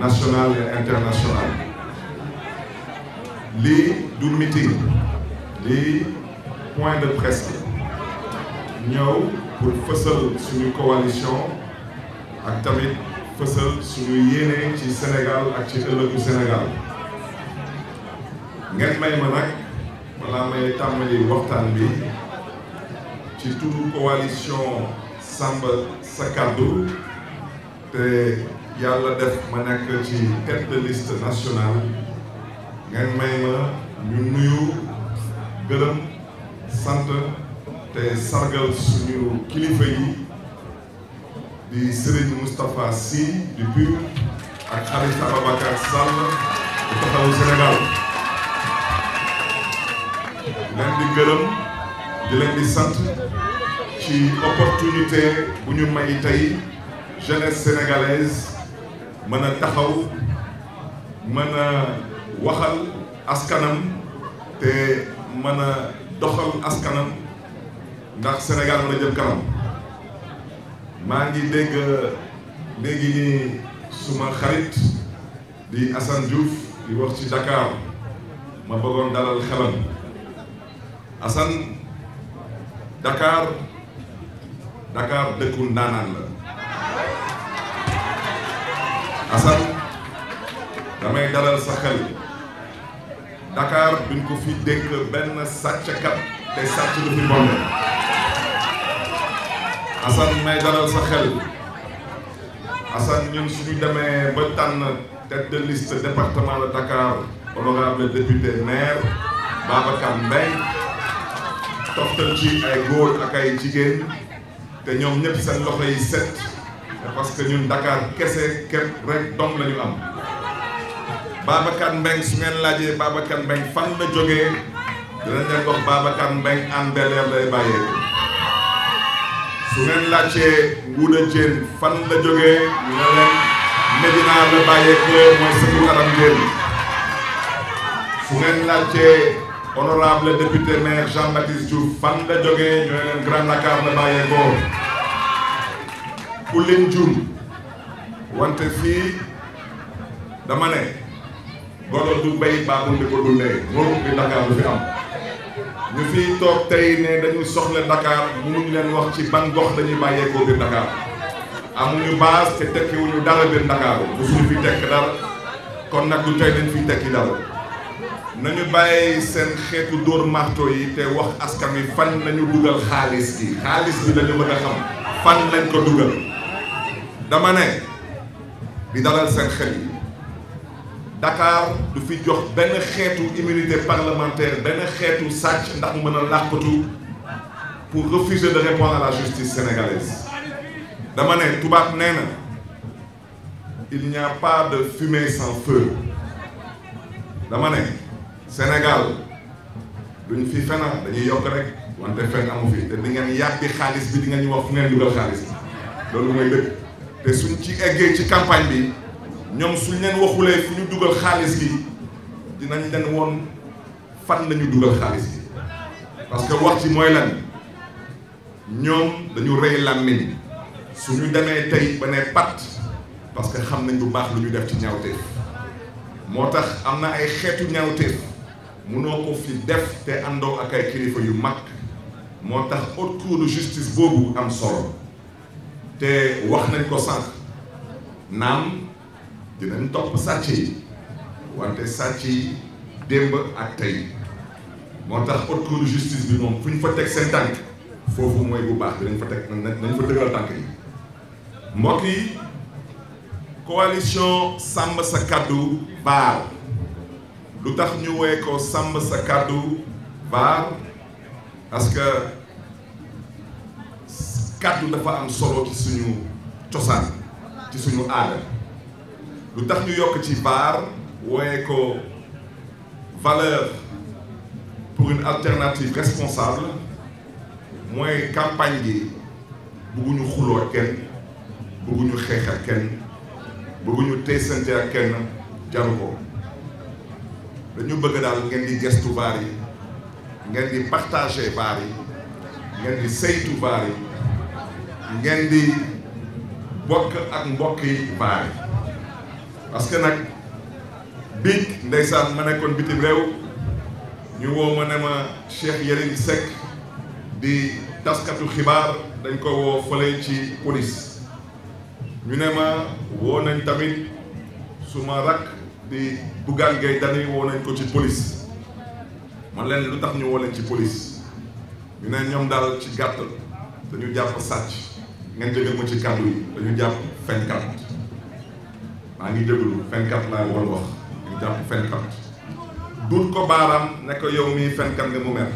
nationale et internationale lii du meeting lii point de presse bi ñëw pour fësal suñu coalition ak tamit fësal suñu yéene ci Sénégal ak ci ëllëgu Sénégal ngeen may ma nag balaa may tàmbali waxtaan bi ci turu coalition Sàmm Sa Kàddu te yàlla def ma nekk ci tête de liste nationale may ma ñu nuyu gërëm sant te sargal suñu kilifa yi di Serigne Moustapha Sy du PUR ak Khalifa Ababacar Sall bu Taxawu Sénégal leen di gërëm di leen sant ci opportunité bu may tey jeunesse sénégalaise mën a taxaw mën a waxal askanam te mën a doxal askanam ndax Sénégal mën a jëm kanam maa ngi dégg léegi nii suma xarit di Assane Diouf di wax ci Dakar ma bëggoon dalal xelam Assane Dakar Dakar dëkku ndaanaan la Assane damay dalal sa xel Dakar duñ ko fi dénk benn sàcckat te sàcc lu fi bonne Assane may dalal sa xel Assane ñun suñu demee ba tànn tête de liste département de Dakar député maire Babacar Mbaye toftal ay góor ak ay jigéen te ñoom ñëpp seen loxo yi set parce que ñun Dakar kese ket rek dong la ñu am Babacar Mbengue su ngeen laajee Babacar Mbengue fan la jógee dinañ leen wax Babacar Mbengue Hann bel lay bàyyee su ngeen laajee Ngouda Diène fan la jógee ñu leen Médina la bàyyee ko mooy sëñu kanam su ngeen laajee honorable député maire Jean Baptiste Diouf fan la jógee ñu leen Grand Dakar la bàyyee ku lim juum wante fii dama ne golo du bay baaxul di ko dundee moom bi Dakar du fi am ñu fiy toog tey ne dañu soxla Dakar mënuñu leen wax ci ban gox dañuy bàyyeekoo biir Dakar amuñu base te tekkiwuñu dara biir Dakar musuñu fi tekk dara kon nag du tey dañ fiy tekki dara nañu bàyyi seen xeetu dóor marto yi te wax askan wi fan nañu dugal xaalis yi xaalis bi dañu bëgg a xam fan lañ ko dugal dama ne di dalal seen xel yi Dakar du fi jox benn xeetu immunité parlementaire benn xeetu sàcc ndax mu mën a làqatu pour refuser de répondre à la justice sénégalaise dama ne tubaab nee na il n'y a de fumée sans feu dama ne Sénégal duñ fi fena dañuy yokk rek wante fen amu fi te di ngeen yàbbi xaalis bi di ngeen ñu wax fu ngeen dugal xaalis loolu mooy dëgg te suñ ci eggee ci campagne bi ñoom suñ leen waxulee fu ñu dugal xaalis gi dinañ leen woon fan lañu dugal xaalis gi parce que wax ci mooy lan ñoom dañu rëy làmmiñ suñu demee tey ba ne pat parce que xam nañ bu baax lu ñu def ci ñaawteef moo tax am na ay xeetu ñaawteef mënoo ko fi def te àndoo ak ay kilifa yu mag moo tax haute cour justice boobu am solo te wax nañ ko sànq naam dinañ topp sàcc yi wante sàcc yi démb ak tey moo tax haute cour justice bi moom fu ñu fa teg seen tànk foofu mooy bu baax dinañ fa teg nañ fa dëgëral tànk yi mbokk yi coalition sa kàddu baar lu tax ñu woye ko sàmb sa kàddu baar parce kàddu dafa am solo ci suñu cosaan ci suñu aada lu tax ñu yokk ci baar wooye ko valeur pour une alternative responsable mooy campagne gi bëgguñu xuloo ak kenn bëgguñu xeex ak kenn bëgguñu teysante ak kenn jaru ko dañu bëgg daal ngeen di gestu baar yi ngeen di partager baar yi ngeen di saytu baar yi ngeen di bokk ak mbokk yi baay parce que nag biig ndeysaan ma nekkoon bitim réew ñu woo ma ne ma Cheikh Yérim Seck di taskatu xibaar dañ ko woo fële ci police ñu ne ma woo nañ tamit suma rakk di Bougane Gueye Dany woo nañ ko ci police man leen lu tax ñu woo leen ci police ñu ne ñoom daal ci gàttal dañu jàpp sàcc ngeen jëgal ma ci kàddu yi dañu jàpp fenkat maa ngi jëgalu fenkat laa war wax dañu jàpp fenkat duut ko baaraam ne ko yow mii fenkat nga mu mer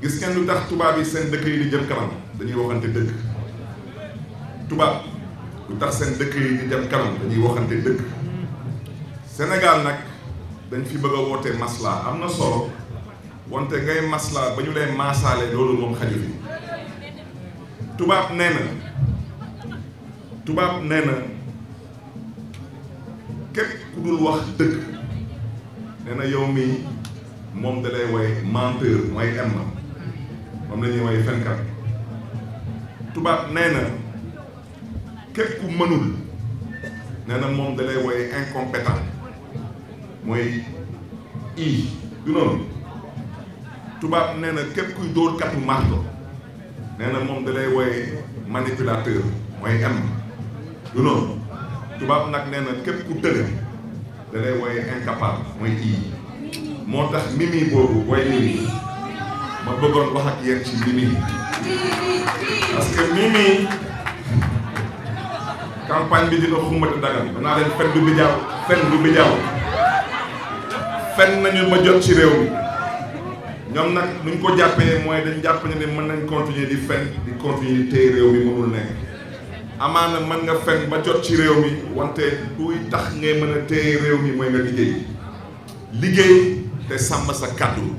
gis ngeen lu tax tubaab yi seen dëkk yi di jëm kanam dañuy waxante dëkk tubaab lu tax seen dëkk yi di jëm kanam dañuy waxante dëkk Sénégal nag dañ fi bëgg a maslaa am na solo wante ngay maslaa ba ñu lay maasaale loolu moom xaju fi tubaab nee tubaab nee na képp ku dul wax dëgg nee na yow mi moom da lay woy menteur mooy em na moom la woy fenkat tubaab nee na képp ku mënul nee moom da lay woy incompétent mooy i du noonu tubaab nee na képp kuy dóor katu marto nee na moom da lay wooye manipulateur mooy M du noonu tubaab nag nee na képp ku tële da lay incapable mooy I moo tax mimi boobu way mimi ma bëggoon wax ak ci mimi parce que mimi bi dina xumbati dagal danaa leen fen du bijaaw fen du bijaaw fen nañu ma jot ci réew mi ñoom nag luñ ko jàppee mooy dañ jàpp ne mën nañ continuer di fen di continuer téye réew mi mënul nekk amaana mën nga fen ba jot ci réew mi wante duy tax ngay mën a téye réew mi mooy nga liggéey liggéey te sàmm sa kàddu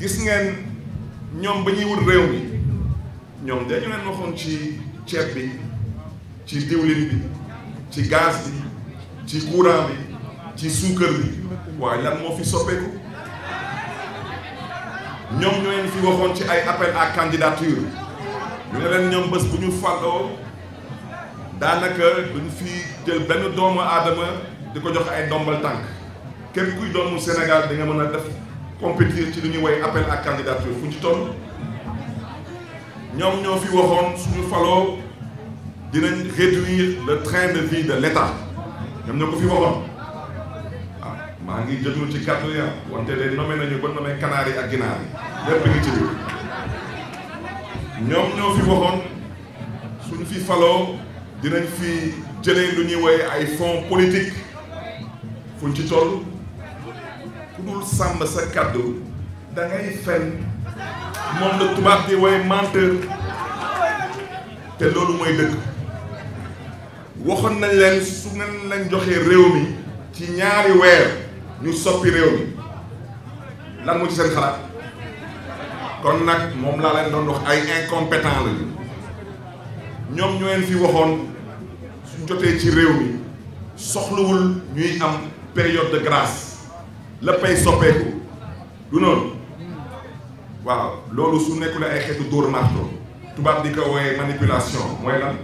gis ngeen ñoom ba ñuy wut réew mi ñoom dañu leen waxoon ci ceeb bi ci diwlin bi ci gaz bi ci courant bi ci suukar bi waaye lan moo fi soppeeku ñoom ñu leen ci ay appel à ñoom bés bu ñu fàlloo daanaka duñ fi jël benn doomu aadama di jox ay ndombal tànk képp kuy doomu Sénégal mën a def compétir ci lu ñuy woy appel à candidature ci toll ñoom ñoo fi waxoon suñu faloo dinañ réduire le train de vie de l'État ñoom ñoo ko fi waxoon maa ngi jotul ci kàddu ya wante de nommé nañu ba nommé kanaar yi ak ginaar yi lépp ngi ci ñoom ñoo fi waxoon suñu fi faloo dinañ fi jële lu ñuy woye ay fonds politique fuñ ci toll ku dul sàmm sa kàddu da ngay fen moom la tubaab di woye menteur te loolu mooy dëkk waxoon nañ leen su ngeen lañ joxee réew mi ci ñaari weer ñu soppi réew mi lan moo ci seen xalaat kon nag moom laa leen doon wax ay incompétent lañu ñoom ñu leen fi waxoon suñ jotee ci réew mi soxlawul ñuy am période de grace léppay soppeeku du noonu waaw loolu su nekkule ay xeetu dóor marto tubaab di ko wooyee manipulation mooy lan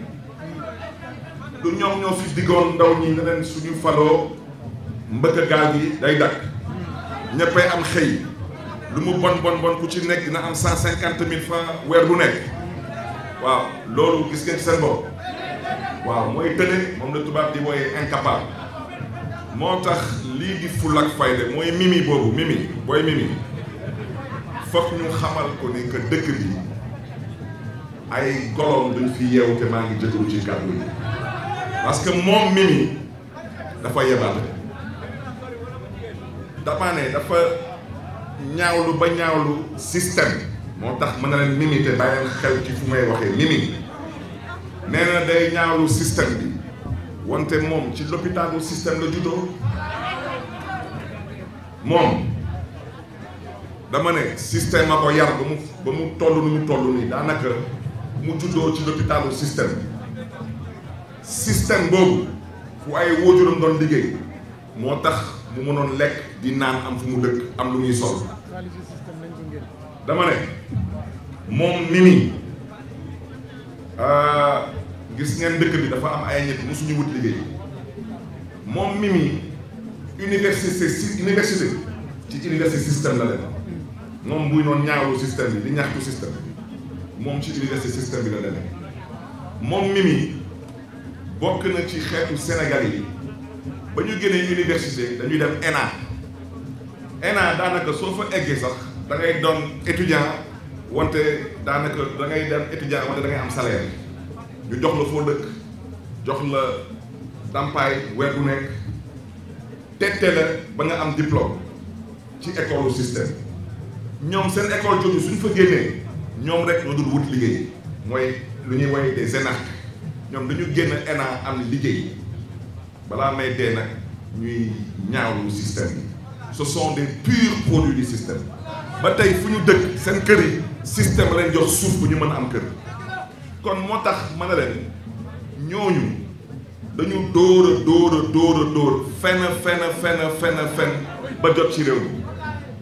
du ñoom ñoo fi diggoon ndaw ñi ne suñu faloo mbëkk gaal gi day dakk ñëppay am xëy lu mu bon bon bon ku ci nekk dina am cent cinquante mil francs weer bu nekk waaw loolu gis ngeen seen bopp waaw mooy tële moom la tubaab di wooyee incapable moo tax lii di fulla ak fayda mooy mimi boobu mimi booy mimi ñu xamal ko ni que dëkk bi ay goloom duñ fi yeewu maa ngi jëgalu ci kàddu yi parce que moom mimi dafa yebaate dama ne dafa ñaawlu ba ñaawlu système moo tax mën na leen mimi te bàyyi leen xel ci fu may waxee mimi nee na day ñaawlu système bi wante moom ci lopitaanu système la juddoo moom dama ne système a ko yar ba mu ba mu toll nu mu toll nii daanaka mu juddoo ci lopitaanu système bi système boobu fu ay waajuram doon liggéey moo tax bu mënoon lekk di naan am fu mu dëkk am lu muy sol dama ne moom Mimi euh, gis ngeen dëkk bi dafa am ay ñett musuñu wut liggéey moom Mimi université si université ci université système la dem moom buy noonu ñaawlu système bi di ñaxtu système bi moom Mimi bokk na ci xeetu Sénégal yi ba ñu génnee université dañuy dem ENA ENA daanaka soo fa eggee sax da ngay doon wante daanaka dangay ngay dem étudiant wante da ngay am salaire ñu jox la foo dëkk jox la ndàmpaay weer bu nekk tette la ba nga am diplôme ci école système ñoom seen école jooju suñ fa génnee ñoom rek ñoo dul wut liggéey mooy lu ñuy woy des énarques ñoom dañu génn ENA am liggéey. balaa may dee nag ñuy ñaawlu système bi ce sont des purs produits système ba tey fu ñu dëkk seen kër yi système lañ jox suuf bu ñu mën a am kër kon moo tax ma ne leen ñooñu dañu dóor a dóor a dóor a dóor fenn fenn fenn fenn fenn ba jot ci réew mi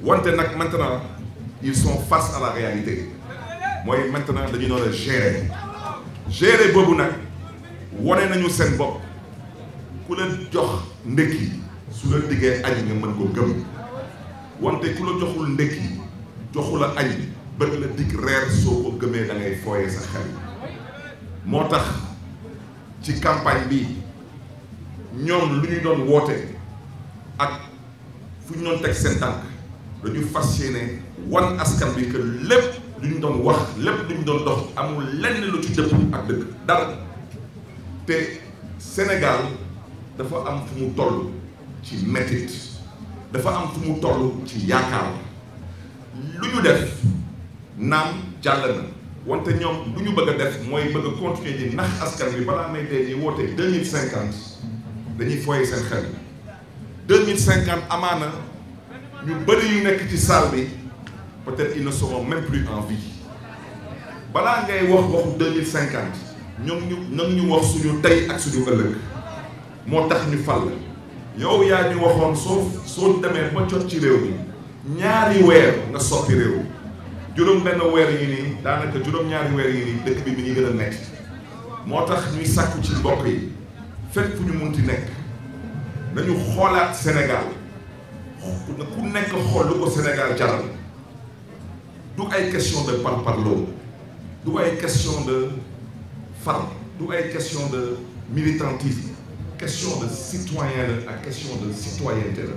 wante nag maintenant ils sont face à la réalité mooy maintenant dañu doon a gérer boobu nag wone nañu seen bopp. ku la jox yi su la diggee añ nga mën ko gëm wante ku la joxul ndekki joxu la añ bëgg la dig reer soo ko gëmee da ngay fooyee sa xel moo tax ci campagne bi ñoom lu ñu doon woote ak fu ñu doon teg seen tànk dañu fas yéene wan askan bi que lépp lu ñu doon wax lépp lu ñu doon dox amul lenn lu ci dëpp ak dëkk dara te Sénégal dafa am fu mu toll ci métit dafa am fu mu toll ci yaakaar lu ñu def naam jàll na wante ñoom lu ñu bëgg a def mooy bëgg a continuer di nax askan bi balaa may dee ñuy woote deux mille cinquante dañuy fooye seen xel deux mille cinquante amaana ñu bëri yu nekk ci salle bi peut-être ils ne seront même plus en vie balaa ngay wax waxu deux mille cinquante ñoom ñu ñoom ñu wax suñu tey ak suñu ëllëg moo tax ñu fal la yow yaa ñu waxoon soo soo demee ba jot ci réew mi ñaari weer nga soppi réew juróom benn weer yi nii daanaka juróom ñaari weer yi nii dëkk bi mi ngi gën a moo tax ñuy sàkku ci mbokk yi fépp fu ñu munti nekk nañu xoolaat Sénégal ku nekk xool lu ko Sénégal jaral du ay question de parparloo du ay question de far du ay question de militantisme question de citoyen ak question de citoyenneté la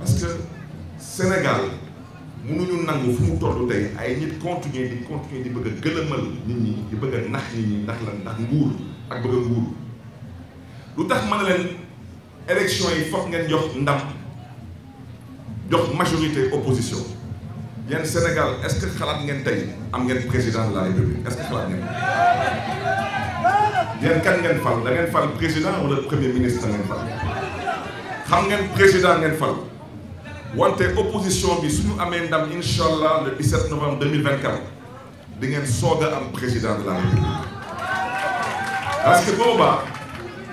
parce que Sénégal mënuñu nangu fu mu toll tey ay nit continuer di continuer di bëgg a gëlëmal nit ñi di bëgg a nax nit ñi ndax lan ndax nguur ak bëgg a nguur lu tax mën na leen élection yi foofu ngeen jox ndam jox majorité opposition yéen Sénégal est-ce que xalaat ngeen tey am ngeen président de la République est que xalaat ngeen ngeen kan ngeen fal da ngeen fal président wala premier ministre ngeen fal xam ngeen président ngeen fal wante opposition bi suñu amee ndam incha allah le 17 novembre 2024 di ngeen soog a am président de la république parce que booba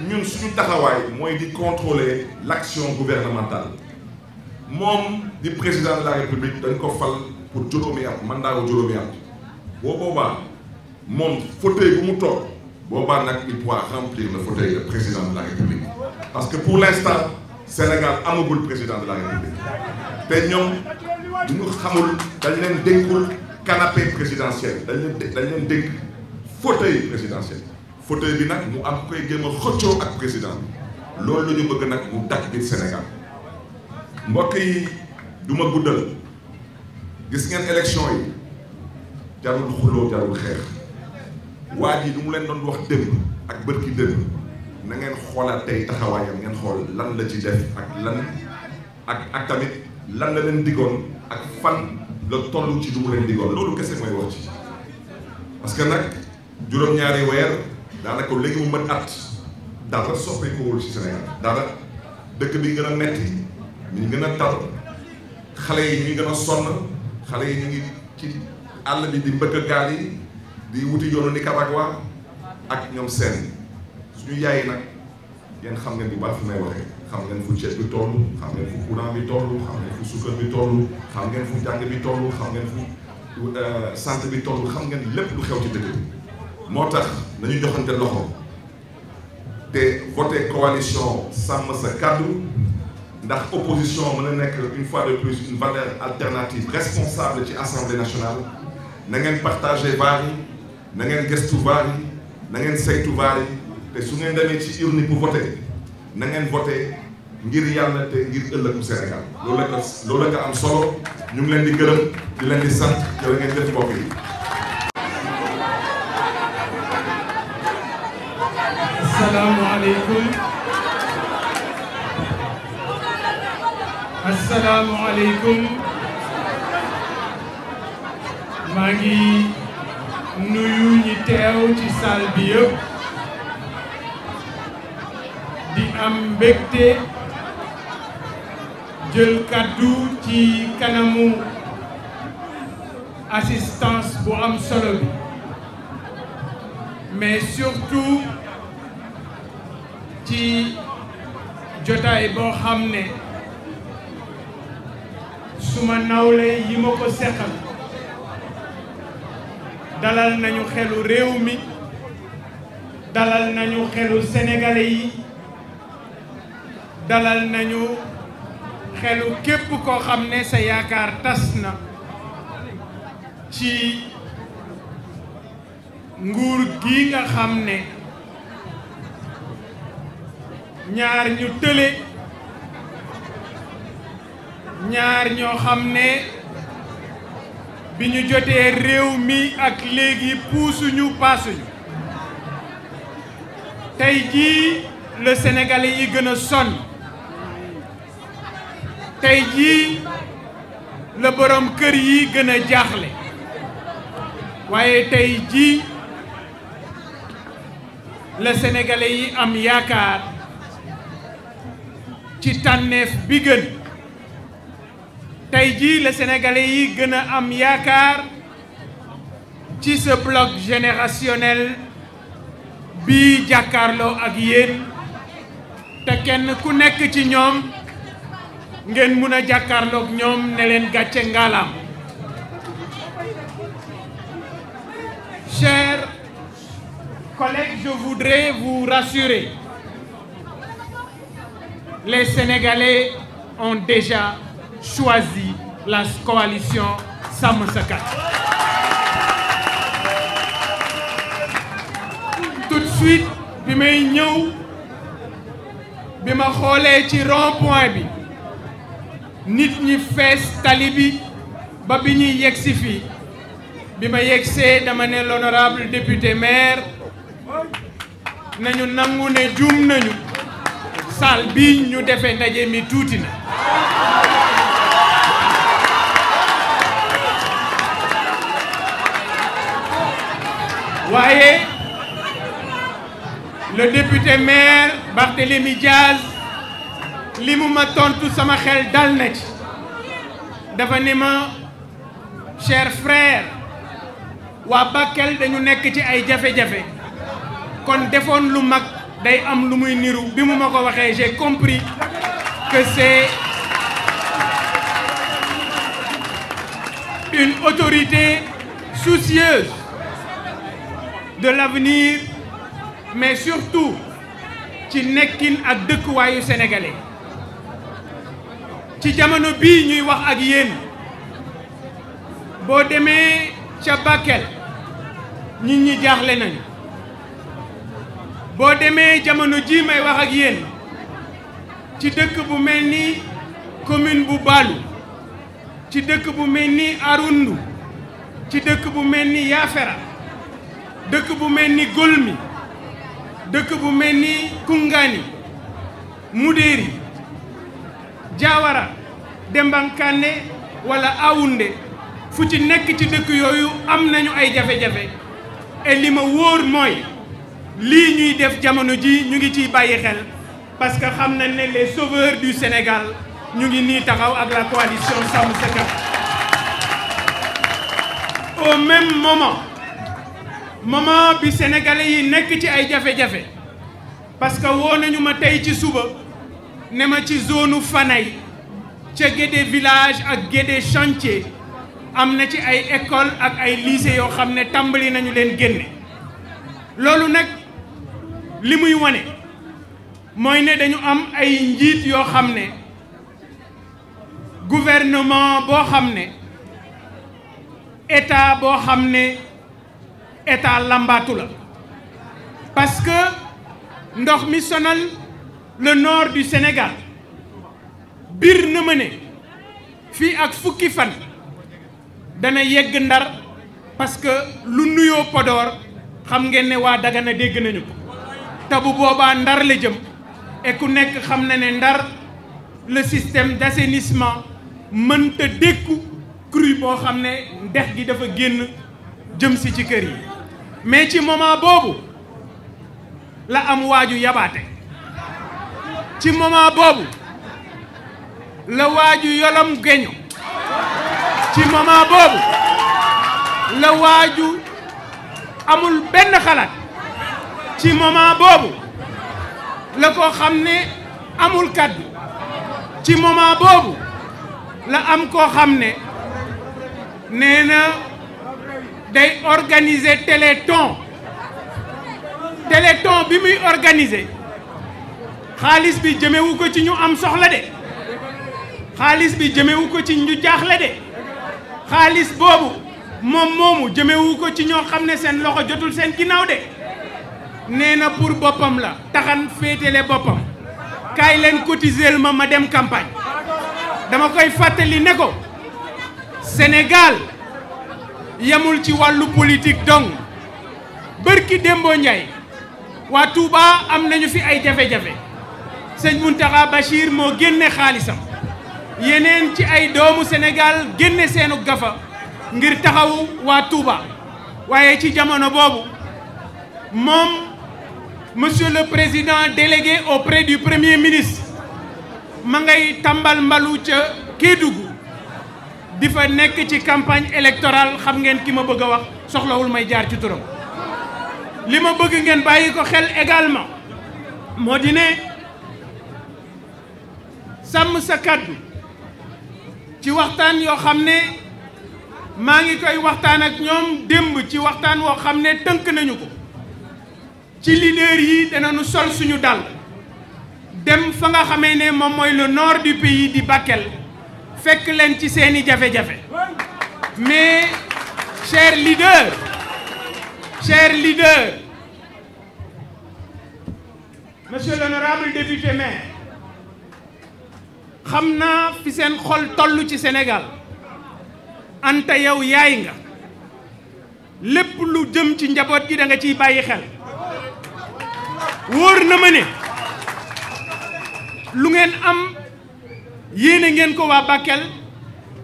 ñun suñu taxawaay mooy di contrôler l'action gouvernementale moom di président de la république dañ ko fal pour juróomi at mandat wu juróomi at boo moom fauteuil bu mu toog boobaa nag il pourra remplir le fauteuil de président de la république parce que pour l'instant Sénégal amagul président de la république te ñoom du ñu xamul dañ leen dénkul canapé présidentiel dañ leen dañ leen dénk fauteuil présidentiel fauteuil bi nag mu am koy jéem a ak président loolu la ñu bëgg nag mu dakk biir Sénégal mbokk yi du ma guddal gis ngeen élection yi jarul waa yi du mu leen doon wax démb ak ki démb na ngeen xoolaat tey taxawaayam ngeen xool lan la ci def ak lan ak ak tamit lan la leen diggoon ak fan la toll ci lu mu leen diggoon loolu kese mooy wax ci parce que nag juróom-ñaari weer daanaka léegi mu mën at dara soppeekuwul ci Sénégal dara dëkk bi gën a metti ñu gën a tar xale yi ñu gën a sonn xale yi ñu ngi ci àll bi di mbëkk gaal di wuti yoonu Nicaragua ak ñoom seen suñu yaay nag ngeen xam ngeen bi baax fi waxee xam ngeen fu ceeb bi toll xam ngeen fu courant bi toll xam ngeen fu suukar bi toll xam ngeen fu jàng bi toll xam ngeen fu euh, santé bi toll xam ngeen lépp lu xew ci dëkk moo tax nañu joxante loxo te voté coalition sàmm sa kàddu ndax opposition mën a nekk une fois de plus une valeur alternative responsable ci assemblée nationale na ngeen partagé na ngeen gëstu vaar yi na ngeen saytu vaar yi te su ngeen demee ci urne pour voter na ngeen voter ngir yàlla te ngir ëllëgu Sénégal loolu la ko loolu am solo ñu ngi leen di gërëm di leen di sant jërë ngeen jëf mbokk yi. asalaamualeykum asalaamualeykum maa ngi. nuyu ñi teew ci salle bi yëpp di am mbégte jël kàddu ci kanamu assistance bu am solo bi mais surtout ci jotaay boo xam ne suma nawle yi ma ko seqal dalal nañu xelu réew mi dalal nañu xelu sénégalais yi dalal nañu xelu képp ko xam ne sa yaakaar tas na ci nguur gi nga xam ne ñaar ñu tële ñaar ñoo xam ne bi ñu jotee réew mi ak léegi puusuñu paasuñu tey jii le sénégalais yi gën a sonn tey jii la borom kër yi gën a jaaxle waaye tey jii la sénégalais yi am yaakaar ci tànneef bi gën tey jii la sénégalais yi gën a am yaakaar ci ce bloc générationnel bii jàkkaarloo ak yéen te kenn ku nekk ci ñoom ngeen mun a jàkkaarloog ñoom ne leen gàcce ngaalaam chers collègues je voudrais vous rassurer les sénégalais ont déjà choisi la coalition Sàmm Sa Kàddu tout suite bi may ñëw bi ma xoolee ci rond bi nit ñi fees tali bi ba bi ñuy yegsi fii bi ma yegsee dama ne l'honorable député maire nañu nangu ne juum nañu salle bii ñu defe ndaje mi tuuti na waaye le député maire Barthélémy Diaz li mu ma tontu sama xel dal na ci dafa ni ma cher frère waa Bakel dañu nekk ci ay jafe-jafe kon defoon lu mag day am lu muy niru bi mu ma ko waxee j'ai compris que c'est une autorité soucieuse de l'avenir mais surtout ci nekkin ak dëkkuwaayu sénégalais ci jamono bii ñuy wax ak yéen boo demee ca Bakel ñi ñi jaaxle nañu boo demee jamono ji may wax ak yéen ci dëkk bu mel ni commune bu Baalu ci dëkk bu mel ni Arundu ci dëkk bu mel ni Yaafera dëkk bu mel ni Golmi dëkk bu mel ni Koungani Mudéeri Diawara Dembankaane wala Awunde fu ci nekk ci dëkk yooyu am nañu ay jafe-jafe et li ma wóor mooy lii ñuy def jamono ji ñu ngi ciy bàyyi xel parce que xam na ne les sauveurs du Sénégal ñu ngi nii taxaw ak la coalition Sàmm Sa Kàddu au même moment moment bi sénégalais yi nekk ci ay jafe-jafe parce que woo nañu ma tey ci suba ne ma ci zone Fanaye ca Guédé village ak Guédé chantier am na ci ay école ak ay lycée yoo xam ne tàmbali nañu leen génne loolu nag li muy wane mooy ne dañu am ay njiit yoo xam ne gouvernement boo xam ne état boo xam ne état la parce que ndox mi sonal le nord senegal Sénégal biir na ma fii ak fukki fan dana yegg ndar parce que lu nuyoo Podor xam ngeen ne waa Dagana dégg nañu ko te boobaa ndar la jëm et ku nekk xam na ne ndar la système d'assainissement mënta dékku crue boo xam ne ndex gi dafa génn jëm si ci kër yi mais ci moment boobu la am waaju yabaate ci moment boobu la waaju yolam geño ci moment boobu la waaju amul benn xalaat ci moment boobu la ko xam ne amul kàddu ci moment boobu la am koo xam ne nee na day organiser téléthon téléthon bi muy organiser xaalis bi jëmewu ko ci ñu am soxla de xaalis bi jëmewu ko ci ñu jaaxle de xaalis boobu moom moomu jëmewu ko ci ñoo xam ne seen loxo jotul seen ginnaaw de nee na pour boppam la taxan féetale boppam kaay leen cotiser ma ma dem campagne dama koy fàttali ne ko Sénégal yamul ci wàllu politique dong bërki Dembo Ndiaye waa tuuba am nañu fi ay jafejafe jafe sëñ Mountakha moo génne xaalisam yeneen ci ay doomu senegal génne seenu gafa ngir taxawu waa tuuba waaye ci jamono boobu moom monsieur le président délégué auprès du premier ministre ma ngay tambal mbalu ca Kédougou di fa nekk ci campagne électorale xam ngeen ki ma bëgg a wax soxlawul may jaar ci turam li ma bëgg ngeen bàyyi ko xel également moo di ne sàmm sa kàddu ci waxtaan yoo xam ne maa ngi koy waxtaan ak ñoom démb ci waxtaan woo xam ne tënk nañu ko ci leader yi danañu sol suñu dal dem fa nga xamee ne moom mooy le nord du pays di Bakel fekk leen ci seeni jafe-jafe mais cher leader cher leader xam naa fi seen xol toll ci Sénégal anta yow yaay nga lépp lu jëm ci njaboot gi da nga ciy bàyyi xel wóor na ma ne lu ngeen am yéene ngeen ko waa Bakel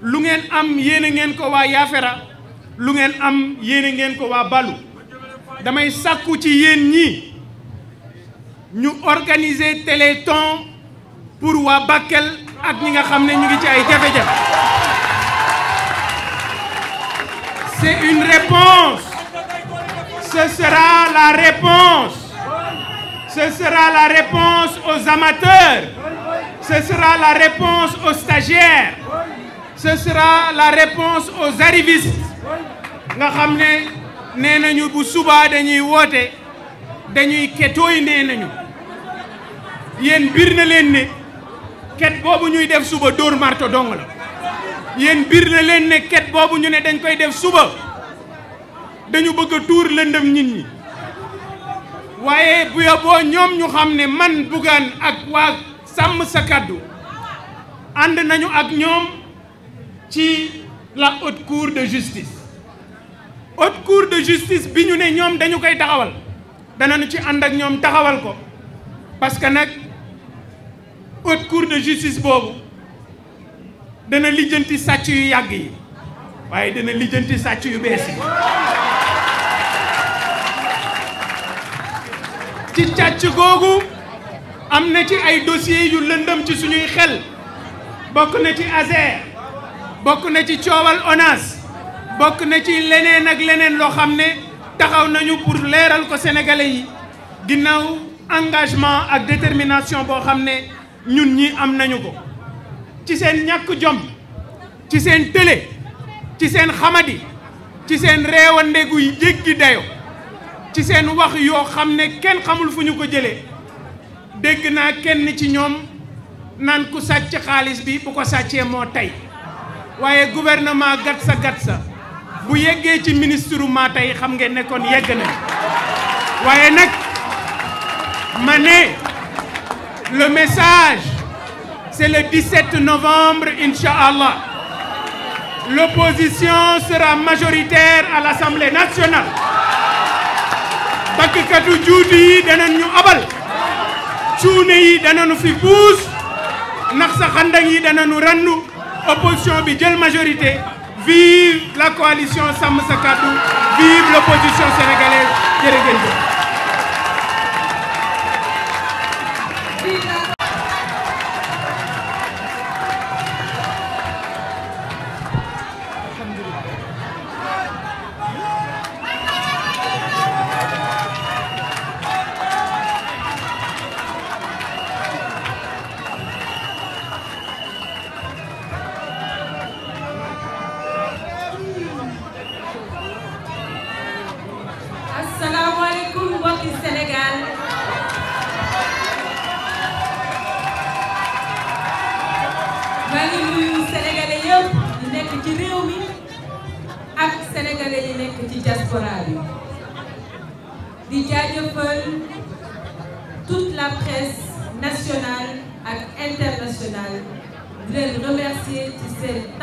lu ngeen am yéene ngeen ko waa Yafera lu ngeen am yéene ngeen ko waa Balu damay sàkku ci yéen ñi ñu organiser téléthon pour waa Bakel ak ñi nga xam ne ñu ngi ci ay jafe-jafe c'est une réponse ce sera la réponse ce sera la réponse aux amateurs Ce sera la réponse aux stagiaires. la réponse aux nga xam ne nee nañu bu subaa dañuy woote dañuy ketooy nee nañu yéen biir na leen ne ket boobu ñuy def suba dóor marto dong la yéen biir na leen ne ket boobu ñu ne dañ koy def suba dañu bëgg a tuur lëndëm nit ñi waaye bu yoboo ñoom ñu xam ne man Bougane ak waa sàmm sa kàddu ànd nañu ak ñoom ci la haute cour de justice haute cour de justice bi ñu ne ñoom dañu koy taxawal dana danañu ci ànd ak ñoom taxawal ko parce que nag haute cour de justice boobu dana lijjanti sàcc yu yàgg yi waaye dana lijjanti sàcc yu bees yi ci càcc googu am na ci ay dossiers yu lëndëm ci suñuy xel bokk na ci ASER bokk na ci coowal ONAS bokk na ci leneen ak leneen loo xam ne taxaw nañu pour leeral ko sénégalais yi ginnaaw engagement ak détermination boo xam ne ñun ñi am nañu ko ci seen ñàkk jom ci seen télé ci seen xamadi ci seen réewande gu jéggi dayo ci seen wax yoo xam ne kenn xamul fu ñu ko jëlee dégg naa kenn ci ñoom naan ku sàcc xaalis bi bu ko sàccee moo tey waaye gouvernement gat sa bu yeggee ci ministre maa tey xam ngeen ne kon yegg waaye nag ma ne le message c'est le 17 novembre incha allah l'opposition sera majoritaire à l'Assemblée nationale. takkatu juuti yi danañ ñu abal. cuune yi dananu fi puus ndax sa xandang yi dananu randu opposition bi jël majorité vive la coalition sàmm sa kàddu vive l' opposition sénégalaise jërëjëf diaspora bi di jaajëfal toute la presse nationale ak internationale di remercier ci seen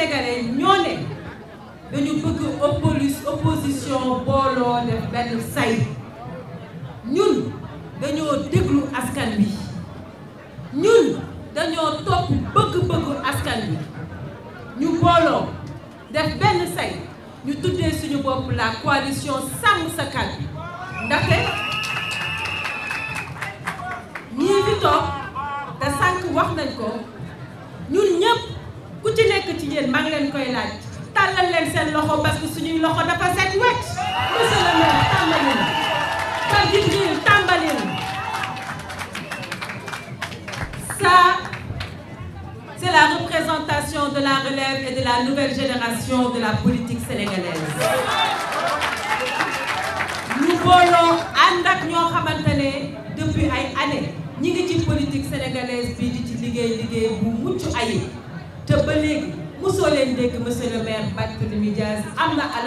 sénégalais ñoo ne dañu bëgg opolis opposition booloo def benn say ñun dañoo déglu askan bi ñun dañoo topp bëgg-bëggu askan bi ñu booloo def benn say ñu tuddee suñu bopp la coalition sàmm sa kàddu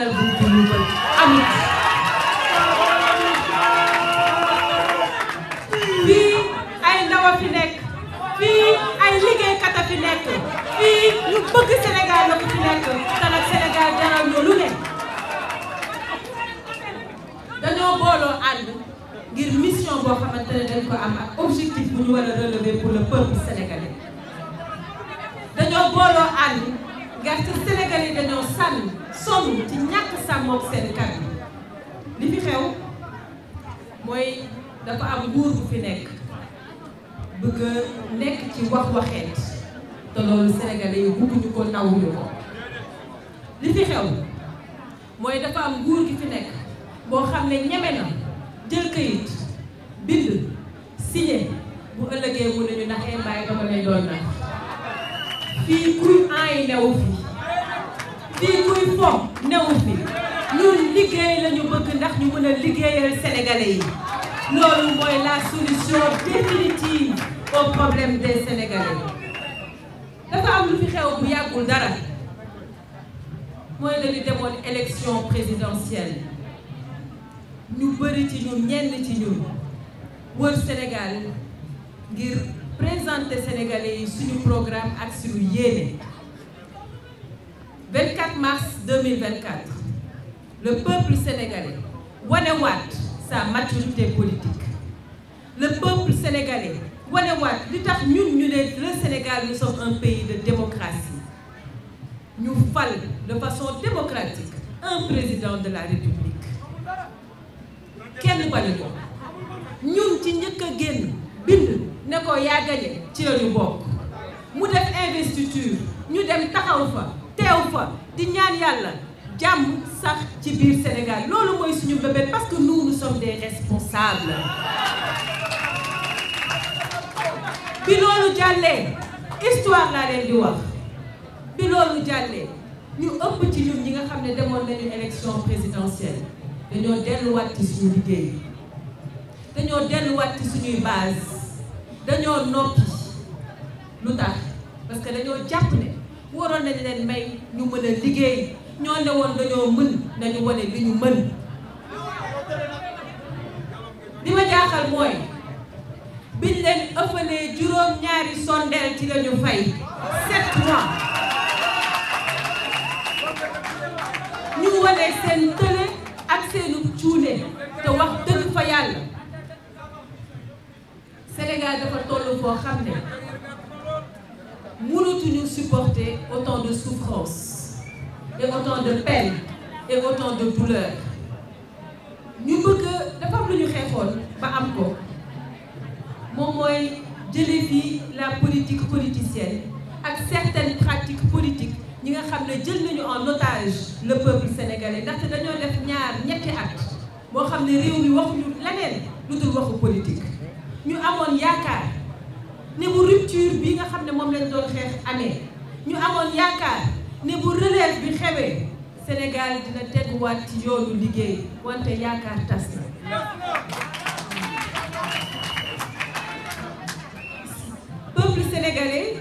le groupe nekk ci wax waxeet te loolu sénégalais yi bëgguñu ko nawuñu ko li fi xew mooy dafa am nguur gi fi nekk boo xam ne ñeme na jël kayit bind bu ëllëgee mu ne ñu ndax en bàyyi dama ne na fii kuy aay newu fi fii kuy fo newu fi ñun liggéey la bëgg ndax ñu mën a liggéeyal sénégalais yi loolu mooy la solution définitive au problème des Sénégalais dafa am lu fi xew bu yàggul dara mooy la ñu demoon élection présidentielle ñu bëri ci ñun ñenn ci ñun wër Sénégal ngir présenter Sénégalais yi suñu programme ak suñu yéene 24 mars 2024 le peuple sénégalais wanewaat sa maturité politique le peuple sénégalais wanewaat li tax ñun ñu ne le Sénégal nous un pays de démocratie ñu fal de façon démocratique un président de la République kenn bañu ko ñun ci njëkk a génn bind ne ko yaa ci la ñu mu def investiture ñu dem taxaw fa teew fa di ñaan yàlla jàmm sax ci biir Sénégal loolu mooy suñu bébé parce que nous nous sommes bi loolu jàllee histoire laa leen di wax bi loolu jàllee ñu ëpp ci ñun ñi nga xam ne demoon nañu élection présidentielle dañoo delluwaat ci suñu liggéey dañoo delluwaat ci suñuy base dañoo noppi lu tax parce que dañoo jàpp ne waroon nañu leen may ñu mën a liggéey ñoo ne woon dañoo mën nañu wane li ñu mën li ma jaaxal mooy biñ leen ëppalee juróom ñaari sondeel ci lañu fay sept mois ñu wane seen tële ak seenu cuune te wax dëgg fa yàlla Sénégal dafa toll boo xam ne mënatuñu supporter autant de souffrance et autant de peine et autant de douleur ñu bëgg dafa am lu ñu xeexoon ba am ko moom mooy jële fii la politique politicienne ak certaines pratiques politique ñi nga xam ne jël nañu en otage le peuple sénégalais ndaxte dañoo def ñaar ñetti at boo xam ne réew mi la leneen lu dul waxu politique ñu amoon yaakaar ne bu rupture bi nga xam ne moom lañ doon xeex amee ñu amoon yaakaar ne bu relève bi xewee Sénégal dina teguwaat ci yoonu liggéey wante yaakaar tas na peuple sénégalais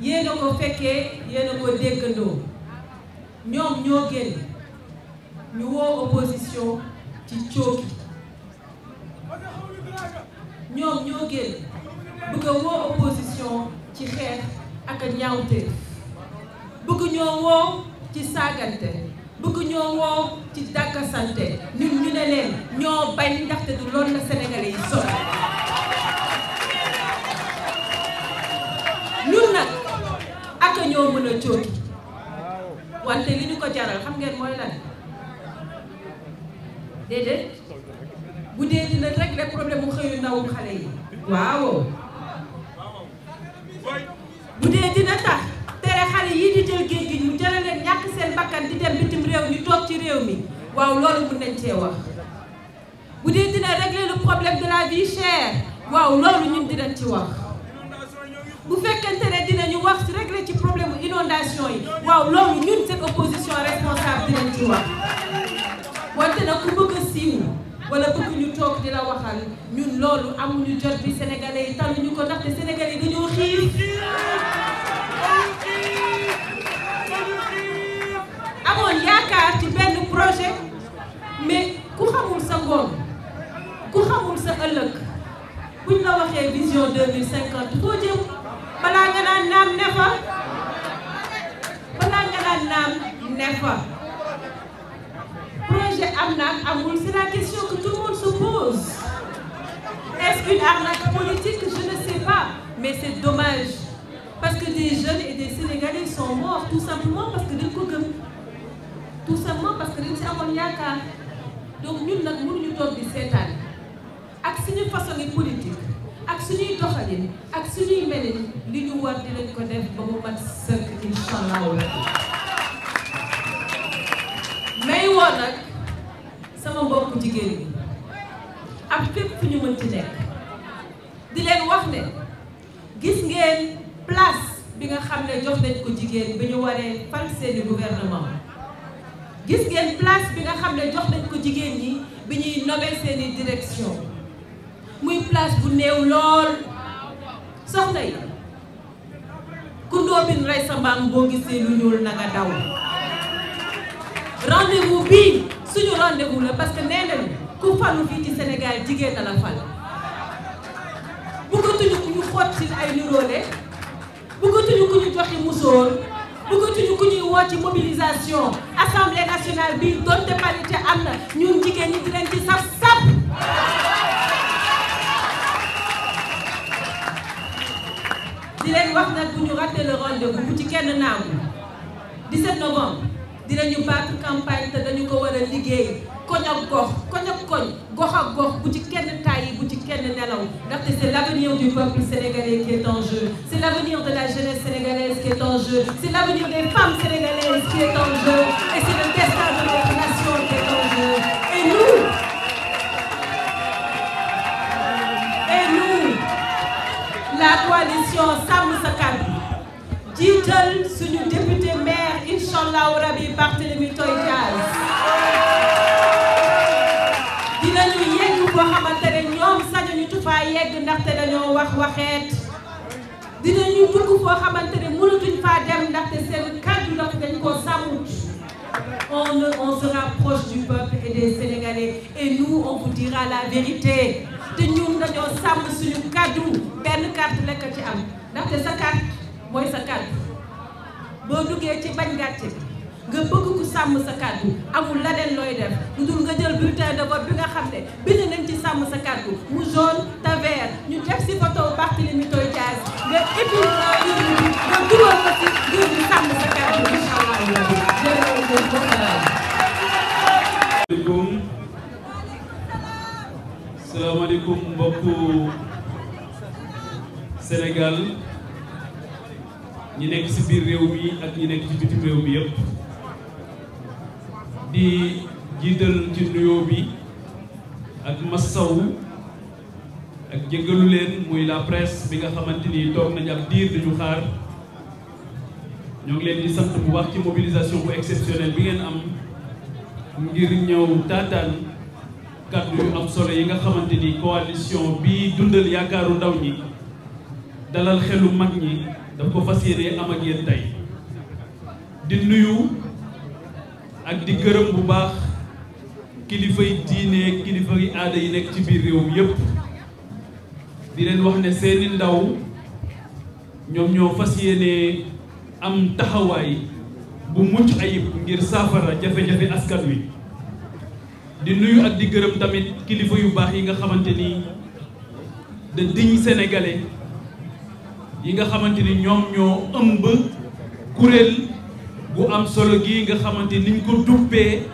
yéen a ko fekkee yéen a ko déggandoo ñoom ñoo génn ñu woo opposition ci cooki ñoom ñoo génn bëgg a woo opposition ci xeex ak a ñaawte bëgg ñoo woo ci saagante bëgg ñoo woo ci dàkkasante ñun ñu ne leen ñoo bañ ndaxte du loolu la sénégalais yi soxla dañoo mën a cooki wante li ñu ko jaral xam ngeen mooy lan déedéet bu dee dina régler problème mu xëyu ndawum xale yi waaw bu dee dina tax tere xale yi di jël géej gi mu jële leen ñàkk seen bakkan di dem bitim réew mi toog ci réew mi waaw loolu mun nañ cee wax bu dee dina régler le problème de la vie waaw loolu ñun dinañ ci wax bu fekkente ne dinañu wax inondation yi waaw loolu ñun seen opposition responsable dinañ ci wax wante nag ku bëgg a siiw bëgg ñu toog di la waxal ñun loolu amuñu jot bi sénégalais yi tànnuñu ko ndaxte sénégalais yi dañoo xiif amoon yaakaar ci benn projet mais ku xamul sa ngoon ku xamul sa ëllëg buñ la waxee vision 2050 foo jëm balaa nga naan ne fa faa nga daan naan ne fa projet am na ak amul c'est la question que tout le monde se pose est-ce qu'une politique je ne sais pas mais c'est dommage parce que des jeunes et des Sénégalais sont tout simplement parce que dañ ko tout simplement parce que dañ si amoon yaakaar donc ñun nag mënuñu toog di seetaan ak suñu façon politique ak suñuy doxalin ak suñuy melin li ñu war dinañ ko def ba mu mat sëkk incha allahu rabbi may woon nag sama mbokk jigéen ñi ak fépp fu ñu mën ci nekk di leen wax ne gis ngeen place bi nga xam ne jox nañ ko jigéen bi ñu waree fal seeni gouvernement gis ngeen place bi nga xam ne jox nañ ko jigéen ñi bi ñuy nommer seeni direction muy place bu néew lool soxna yi ku ndóobin rey sa mbaam boo gisee lu ñuul na daw rendez bii suñu rendez la parce que nee nañu ku falu fii ci Sénégal jigéen na la fal bëggatuñu ku ñu xottil ay niroole bëggatuñu ku ñu joxe musóor bëggatuñu ku ñuy woo ci mobilisation assemblée nationale bi donte parité am na ñun jigéen ñi dinañ ci saf saf di leen wax nag bu ñu raté le rendez-vous bu ci kenn naagu 17 novembre dinañu battre campagne te dañu ko war a liggéey koñ ak gox koñ ak koñ gox gox bu ci kenn tàyyi bu ci kenn nelaw ndaxte c'est l'avenir du peuple sénégalais qui est en jeu c'est l'avenir de la jeunesse sénégalaise qui est en jeu c'est l'avenir des femmes sénégalaises qui est en jeu et de notre nation qui et nous la coalition sàmm sa kàddu jiital suñu député maire incha allahu rabi Barthélémy Toye Dias dinañu yegg boo xamante ne ñoom sañuñu tufaa yegg ndaxte dañoo wax waxeet dinañu dugg foo xamante ne mënatuñ faa dem ndaxte seen kàddu ndax dañ koo sàmmut on se rapproche du peuple et des et nous on vous dira la vérité te ñun dañoo sàmm suñu kàddu benn carte lekk ci am ndaxte sa carte mooy sa kàddu boo duggee ci bañ gàcce nga bëgg sàmm sa kàddu amul leneen looy def lu nga jël bulletin de vote bi nga xam ne bind nañ ci sàmm sa kàddu mu jaune te vert ñu def si photo Barthélémy Toye Dias nga épi nga dugal ko si ngir ñu sàmm sa kàddu asalaamaaleykum mbokku Sénégal ñi nekk ci biir réew mi ak ñi nekk ci bitim réew mi yépp di jiital ci nuyoo bi ak massawu ak jéggalu leen muy la presse bi nga xamante ni toog nañu ab diir dañu xaar ñoo ngi leen di sant bu wax ci mobilisation bu exceptionnelle bi ngeen am ngir ñëw taataan. kàddu yu am solo yi nga xamante ni coalition bi dundal yaakaaru ndaw ñi dalal xelu mag ñi daf ko fas yéene am ak yéen tey di nuyu ak di gërëm bu baax kilifay diine kilifay aada yi nekk ci biir réew yépp di leen wax ne seeni ndaw ñoom ñoo fas yéene am taxawaay bu mucc ayib ngir saafara jafe-jafe askan wi di nuyu ak di gërëm tamit kilifa yu baax yi nga xamante ni de senegale yi nga xamante ni ñoom ñoo ëmb kuréel bu am solo gi nga xamante liñ ko duppee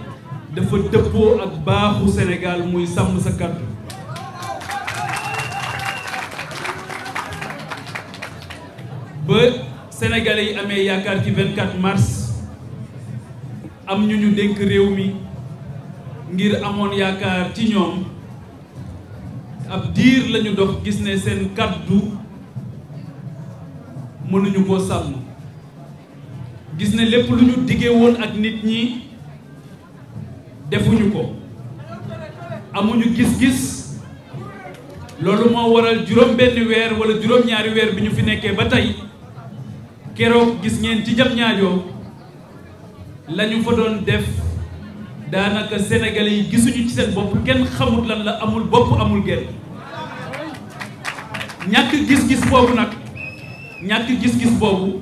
dafa dëppoo ak baaxu senegal muy sàmm sa kàddu ba sénégalais yi amee yaakaar ci 24 mars am ñu ñu dénk réew mi ngir amoon yaakaar ci ñoom ab diir lañu dox gis ne seen kàddu mënuñu koo sàmm gis ne lépp lu ñu diggee woon ak nit ñi defuñu ko amuñu gis-gis loolu moo waral juróom benn weer wala juróom ñaari weer bi ñu fi nekkee ba tey keroog gis ngeen ci jam ñaajoo lañu fa doon def daanaka sénégalais yi gisuñu ci seen bopp kenn xamut lan la amul bopp amul genn ñàkk gis-gis boobu nag ñàkk gis-gis boobu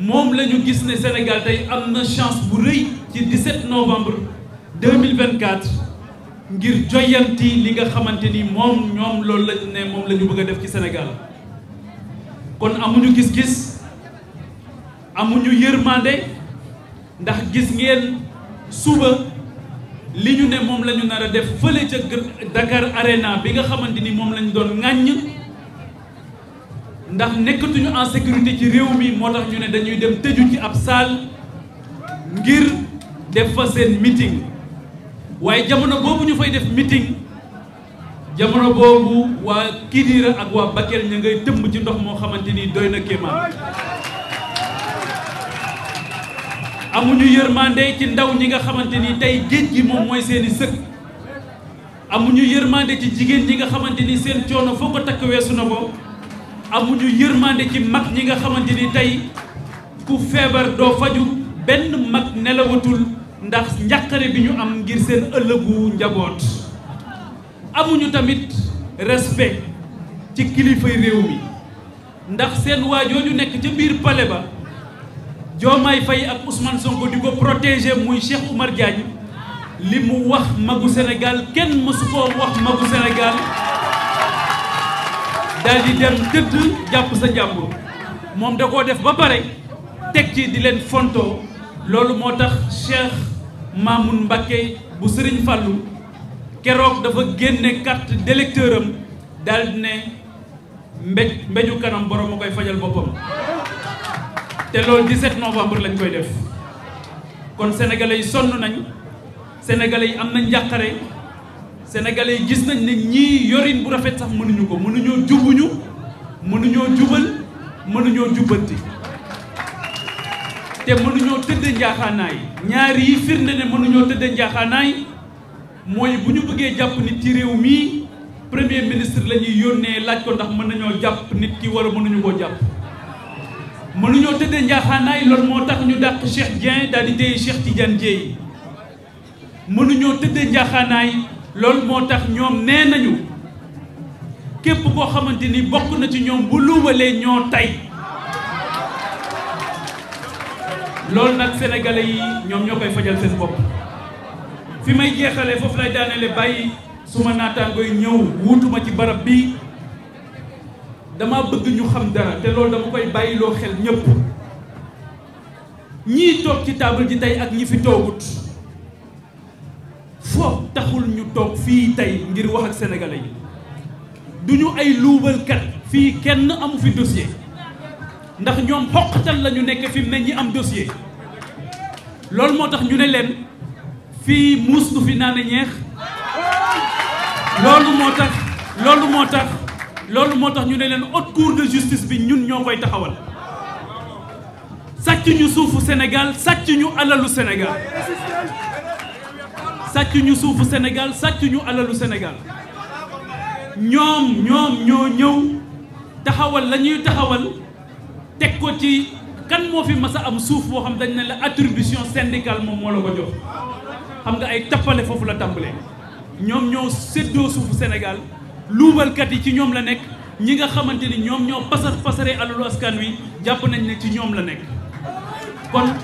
moom la ñu gis ne Sénégal tey am na chance bu rëy ci 17 novembre 2024 ngir joyanti li nga xamante ni moom ñoom loolu lañ ne moom la bëgg a def ci Sénégal kon amuñu gis-gis amuñu yërmande ndax gis ngeen suba li ñu ne moom lañu ñu nar a def fële ca Dakar Arena bi nga xamante ni moom la doon ŋàññ ndax nekkatuñu en sécurité ci réew mi moo tax ñu ne dañuy dem tëju ci ab salle ngir def fa seen meeting waaye jamono boobu ñu fay def meeting jamono boobu waa Kidira ak waa Bakel ña ngay tëmb ci ndox moo xamante ni doy na kéemaan amuñu yërmande ci ndaw ñi nga xamante ni tey géej gi moom mooy seeni sëkk amuñu yërmande ci jigéen ñi nga xamante ni seen coono foo ko takk weesu na ko amuñu yërmande ci mag ñi nga xamante ni tey ku feebar doo faju benn mag nelawatul ndax njàqare bi ñu am ngir seen ëllëgu njaboot amuñu tamit respect ci kilifay réew mi ndax seen ñu nekk ca biir pale ba Diomaye Faye ak Ousmane Sonko di ko protégé muy Cheikh Oumar Diagne li mu wax magu Sénégal kenn mësu koo wax magu Sénégal daal di dem tëdd jàpp sa jàmbur moom da koo def ba pare teg ci di leen fontoo loolu moo tax Cheikh Mamoun Mbacké bu Serigne Fallou keroog dafa génne carte d'électeur am daal di ne mbéj mbéju kanam borom ma koy fajal boppam te loolu 17 novembre lañ koy def kon sénégalais yi sonn nañ sénégalais yi am nañ njàqare sénégalais yi gis nañ ne ñi yorin bu rafet sax mënuñu ko mënuñoo jubuñu mënuñoo jubal mënuñoo jubbanti te mënuñoo tëdd njaaxaanaay ñaar yi firnde ne mënuñoo tëdd njaaxaanaay mooy bu ñu bëggee jàpp nit ci réew mii premier ministre la ñuy yónnee laaj ko ndax mën nañoo jàpp nit ki wala mënuñu koo jàpp mënuñoo tëddee njaaxaanaay lool moo tax ñu dàq Cheikh Dieng daal di téye Cheikh Tidiane Dieye mënuñoo tëddee njaaxaanaay loolu moo tax ñoom nee nañu képp koo xamante ni bokk na ci ñoom bu luubalee ñoo tey loolu nag sénégalais yi ñoom ñoo koy fajal seen bopp fi may jeexalee foofu lay daaneele bàyyi su ma koy ñëw wuutuma ci barab bi dama bëgg ñu xam dara te loolu dama koy bàyyiloo xel ñépp ñii toog ci taabal ji tey ak ñi fi toogut foo taxul ñu toog fii tey ngir wax ak sénégalais yi du ñu ay luubalkat fii kenn amu fi dossier ndax ñoom xoqatal la ñu nekk fi ne ñi am dossier loolu moo tax ñu ne leen fii muus du fi naan ñeex loolu moo tax loolu moo tax loolu moo tax ñu ne leen haute cour de justice bi ñun ñoo koy taxawal sàcc ñu suufu Sénégal sàcc ñu alalu Sénégal suufu Sénégal sàcc ñu alalu Sénégal ñoom ñoom ñoo ñëw taxawal lañuy taxawal teg ko ci kan moo fi mas am suuf boo xam dañ ne la attribution syndicale moom moo la ko jox xam nga ay tappale foofu la tàmbalee ñoom ñoo séddoo suufu Sénégal luubalkat yi ci ñoom la nekk ñi nga xamante ni ñoom ñoo pasar pasare alalu askan wi jàpp nañ ne ci ñoom la nekk kon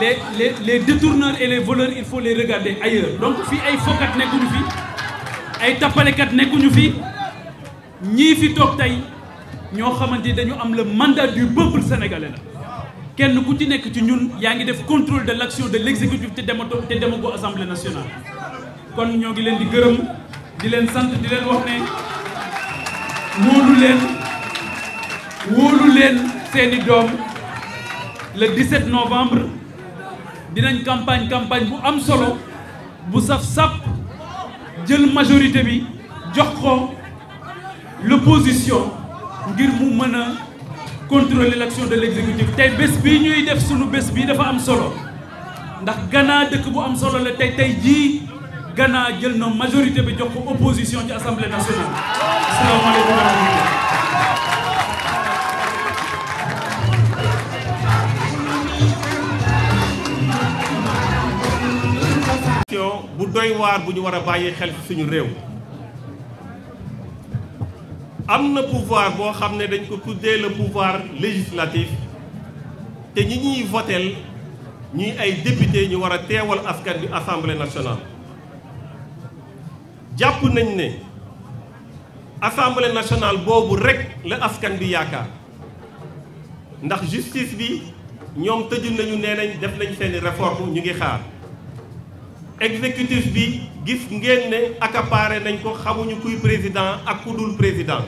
les les les détourneurs et les voleurs il faut les regarder ailleurs donc fii ay fokkat nekkuñu fi ay tappalekat nekkuñu fi ñii fi toog tey ñoo xamante dañu am le mandat du peuple sénégalais la kenn ku ci nekk ci ñun yaa ngi def contrôle de l'action de l'exécutif te demato te demago assemblée nationale kon ñoo ngi leen di gërëm di leen sant di leen wax ne wóolu leen wóolu leen seeni doom le 17 novembre dinañ campagne campagne bu am solo bu saf sap jël majorité bi jox ko l'opposition ngir mu mën a contrôler l'action de l'exécutif tey bés bi ñuy def sunu bés bi dafa am solo ndax Ghana dëkk bu am solo la tey tey jii Ghana jël na majorité bi jox ko opposition ci assemblée nationale bu doy waar bu ñu war a bàyyi xel suñu réew am na pouvoir boo xam ne dañ ko tuddee le pouvoir législatif te ñi ñuy votel ñuy ay député ñu war a teewal askan bi assemblée nationale jàpp nañ ne assamble nationale boobu rek la askan bi yaakaar ndax justice bi ñoom tëju nañu nee nañ def nañ seeni réforme ñu ngi xaar exécutif bi gis ngeen ne accaparé nañ ko xamuñu kuy président ak ku dul président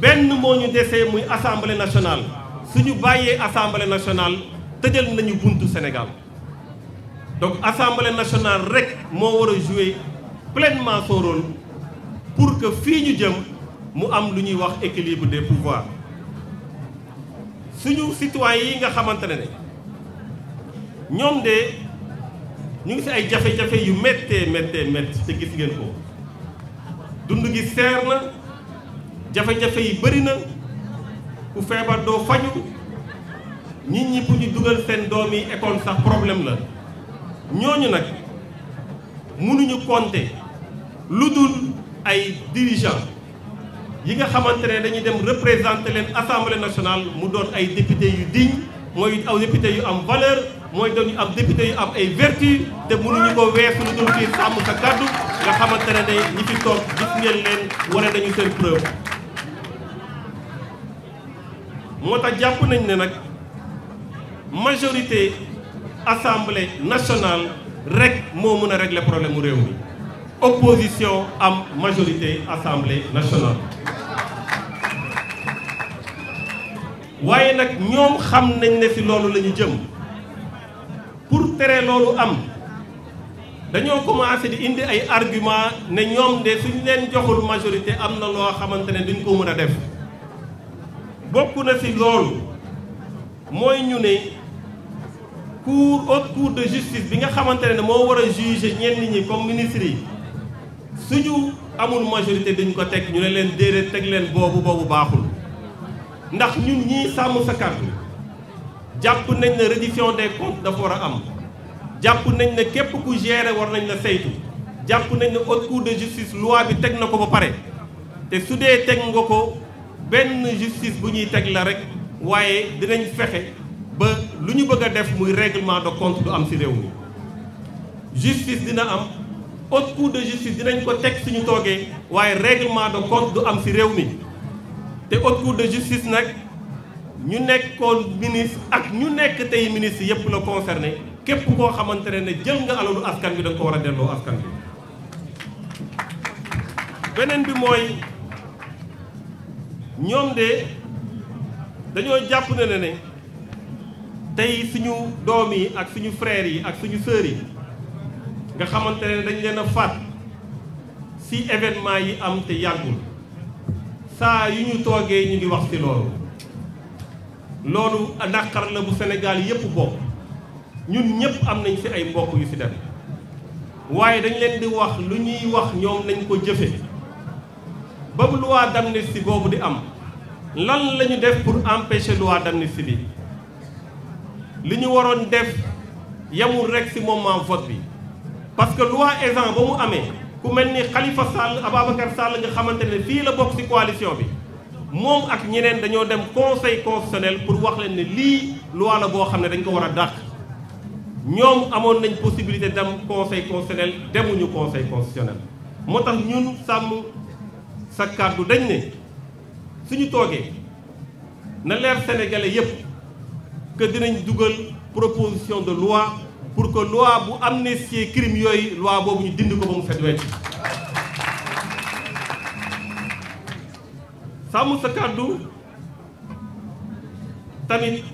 benn moo ñu desee muy assemblée nationale suñu bàyyee assemblée nationale tëjal nañu buntu Sénégal donc assamble nationale rek moo war a jouer pleinement son rôle pour que fii ñu jëm mu am lu ñuy wax équilibre des pouvoirs suñu citoyens yi nga xamante ne ne ñoom de ñu ngi si ay jafe-jafe yu méttee méttee métti te gis ngeen ko dund gi seer na jafe-jafe yi bëri na ku feebar doo faju nit ñi bu ñu dugal seen doom yi école sax problème la ñooñu nag mënuñu konte lu dul ay dirigeants yi nga xamante ne dañuy dem représenter leen assemblée nationale mu doon ay député yu digne mooy aw député yu am valeur mooy doon am député yu am ay vertu te mënuñu ko weesu lu dul fii sàmm sa kàddu nga xamante ne day ñi fi toog gis ngeen leen wane nañu seen preuve moo tax jàpp nañ ne nag majorité assemblée nationale rek moo mën a régler problème mu réew mi opposition am majorité assemblée nationale waaye nag ñoom xam nañ ne ci loolu la ñu jëm pour tere loolu am dañoo commencé di indi ay argument ne ñoom de suñu leen joxul majorité am na loo xamante ne duñ ko mën a def bokk na ci loolu mooy ñu ne cour haute cour de justice bi nga xamante ne moo war a juger ñenn ñi comme ministre yi su ñu amul majorité dañ ko teg ñu ne leen déedéet teg leen boobu boobu baaxul ndax ñun ñii sàmm sa kàddu jàpp nañ ne reddition des comptes dafa war a am jàpp nañ ne képp ku gérer war nañ la saytu jàpp nañ ne haute cour de justice loi bi teg na ko ba pare te su dee teg nga ko benn justice bu ñuy teg la rek waaye dinañ fexe ba lu ñu bëgg def muy règlement de compte du am ci réew mi justice dina am haute cour de justice dinañ ko teg suñu toogee waaye règlement de compte du am ci réew mi te haute cour de justice nag ñu nekkoon ministre ak ñu nekk tey ministre yépp la concerné képp koo xamante ne jël nga alalu askan bi da ko war a delloo askan bi beneen bi mooy ñoom de dañoo jàpp na ne ne tey suñu doom yi ak suñu frères yi ak suñu sœurs yi nga xamante ne dañ leen a faat si événement yi am te yàggul saa yu ñu toogee ñu ngi wax ci loolu loolu naqar la bu Sénégal yépp bokk ñun ñépp am nañ ci ay mbokk yu ci dem waaye dañ leen di wax lu ñuy wax ñoom lañ ko jëfe ba bu loi d'amnistie boobu di am lan lañu def pour empêcher loi d'amnistie bi li ñu waroon def yamul rek ci moment vote bi parce que loi Ezzan ba mu amee ku mel ni Khalifa Sall Ababacar Sall nga xamante ne fii la bokk ci coalition bi moom ak ñeneen dañoo dem conseil constitutionnel pour wax leen ne lii loi la boo xam ne dañ ko war a dàq ñoom amoon nañ possibilité dem conseil constitutionnel demuñu conseil constitutionnel. moo tax ñun sàmm sa kàddu dañ ne suñu toogee na leer sénégalais yépp que dinañ dugal proposition de loi. pour que loi bu amnistie crime yooyu loi boobu ñu dindi ko ba mu fet wecc sàmm sa kàddu tamit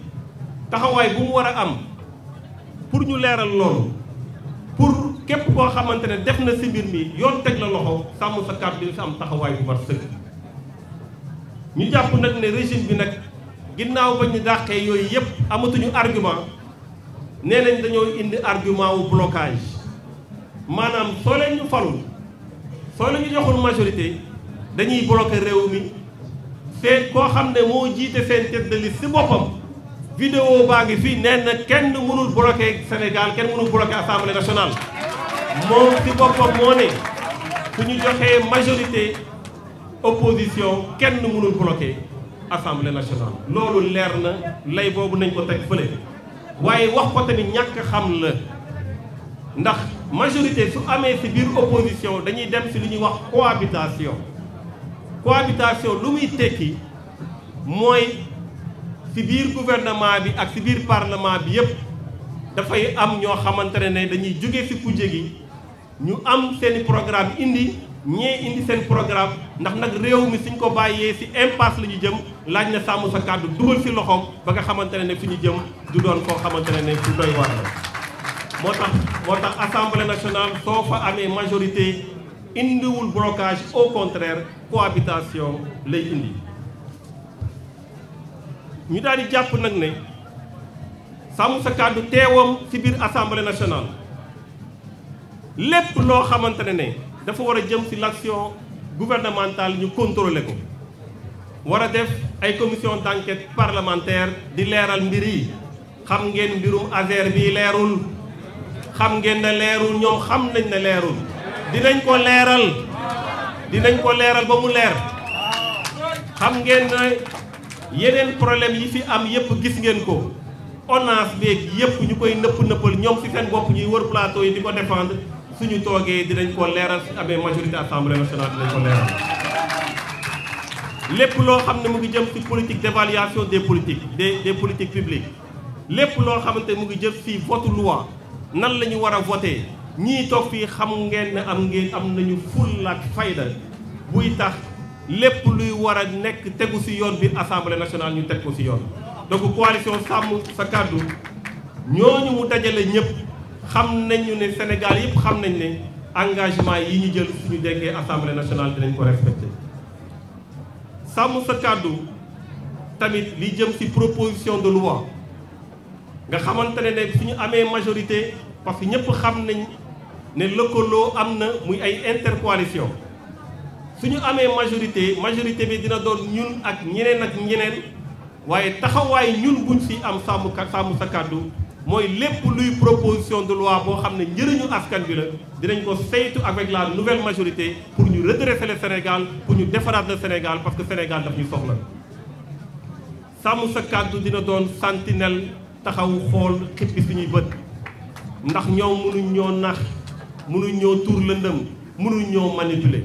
taxawaay bu mu war a am pour ñu leeral loolu pour képp koo xamante ne def na si mbir mi yoon teg la loxo sàmm sa kàddu bi si am taxawaay bu war sëkk ñu jàpp nag ne régime bi nag ginnaaw ba ñu dàqee yooyu yëpp amatuñu argument nee nañ dañoo indi argument wu blocage maanaam soo leen ñu falul soo leen ñu joxul majorité dañuy bloquer réew mi te koo xam ne moo jiite seen tête de si boppam vidéo baa ngi fii nee kenn mënul bloquer Sénégal kenn mënul bloquer assemblée nationale moom si boppam moo ne su ñu joxee majorité opposition kenn mënul bloquer assemblée nationale loolu leer na lay boobu nañ ko teg fële waaye wax ko tamit ñàkk xam la ndax majorité su amee si biir opposition dañuy dem si lu ñuy wax cohabitation cohabitation lu muy tekki mooy si biir gouvernement bi ak si biir parlement bi yépp dafay am ñoo xamante ne dañuy jóge ci kujje gi ñu am seeni programme indi ñee indi seen programme ndax nag réew mi suñ ko bàyyee ci impasse la jëm laaj na sàmm sa kàddu dugal ci loxoom ba nga xamante ne fi ñu jëm du doon koo xamante ne fu doy war la moo tax moo tax assemblée nationale soo fa amee majorité indiwul blocage au contraire cohabitation lay indi ñu daal di jàpp nag ne sàmm sa kàddu teewam ci biir assemblée national lépp loo xamante ne ne dafa war a jëm ci l'action gouvernementale ñu contrôler ko war a def ay commission d'enquête parlementaire di leeral mbir yi xam ngeen mbirum affaire bi leerul xam ngeen ne leerul ñoom xam nañ ne leerul dinañ ko leeral dinañ ko leeral ba mu leer xam ngeen ne yeneen problème yi fi am yépp gis ngeen ko ONAS beeg yépp ñu koy nëpp nëppal ñoom ci seen bopp ñuy wër plateau yi di ko défendre suñu toogee dinañ ko leeral suñu amee majorité assemblée nationale dinañ ko leeral lépp loo xam ne mu ngi jëm ci politique d'évaluation des politiques de des politiques publiques lépp loo xamante mu ngi jëm ci vote loi nan la ñu war a voté ñii toog fii xam ngeen ne am ngeen am nañu fulla ak fayda buy tax lépp luy war a nekk tegu ci yoon bi assemblée nationale ñu teg ko ci yoon donc coalition sàmm sa kàddu ñooñu mu dajale ñëpp xam nañu ne Sénégal yëpp xam nañ ne engagement yi ñu jël suñu déggee assemblée nationale dinañ ko respecté sàmm sa kàddu tamit li jëm ci proposition de loi nga xamante ne ne suñu amee majorité parce que ñëpp xam nañ ne lëkkaloo am na muy ay intercoalition suñu amee majorité majorité bi dina doon ñun ak ñeneen ak ñeneen waaye taxawaay ñun buñ ci am sàmm sàmm sa kàddu mooy lépp luy proposition de loi boo xam ne njëriñu askan bi la dinañ ko seytu avec la nouvelle majorité pour ñu redresser le Sénégal pour ñu defaraat le Sénégal parce que Sénégal daf ñu soxla sàmm sa kàddu dina doon sentinelle taxaw xool xippi ñuy bët ndax ñoom mënuñ ñoo nax mënuñ ñoo tuur lëndëm mënuñ ñoo manipuler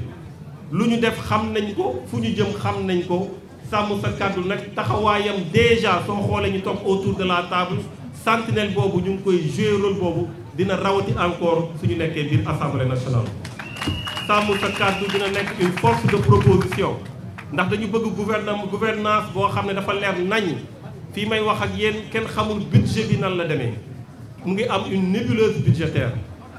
lu ñu def xam nañ ko fu ñu jëm xam nañ ko sàmm sa kàddu nag taxawaayam déjà soo xoolee ñu toog autour de la sentinelle boobu ñu ngi koy jouer rôle boobu dina rawati encore suñu nekkee biir assemblée nationale. sàmm sa kàddu dina nekk une force de proposition ndax dañu bëgg gouvernement gouvernance boo xam ne dafa leer nañ fii may wax ak yéen kenn xamul budget bi nan la demee mu ngi am une nébuleuse budgétaire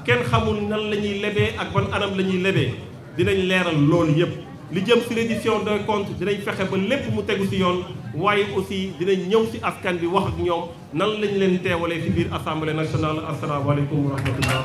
kenn xamul nan la ñuy lebee ak ban anam la ñuy lebee dinañ leeral loolu yépp li jëm si reddition des comptes dinañ fexe ba lépp mu tegu si yoon waaye aussi dinañ ñëw si askan bi wax ak ñoom nan lañ leen teewalee si biir assemblée nationale asalaamaaleykum wa rahmatullah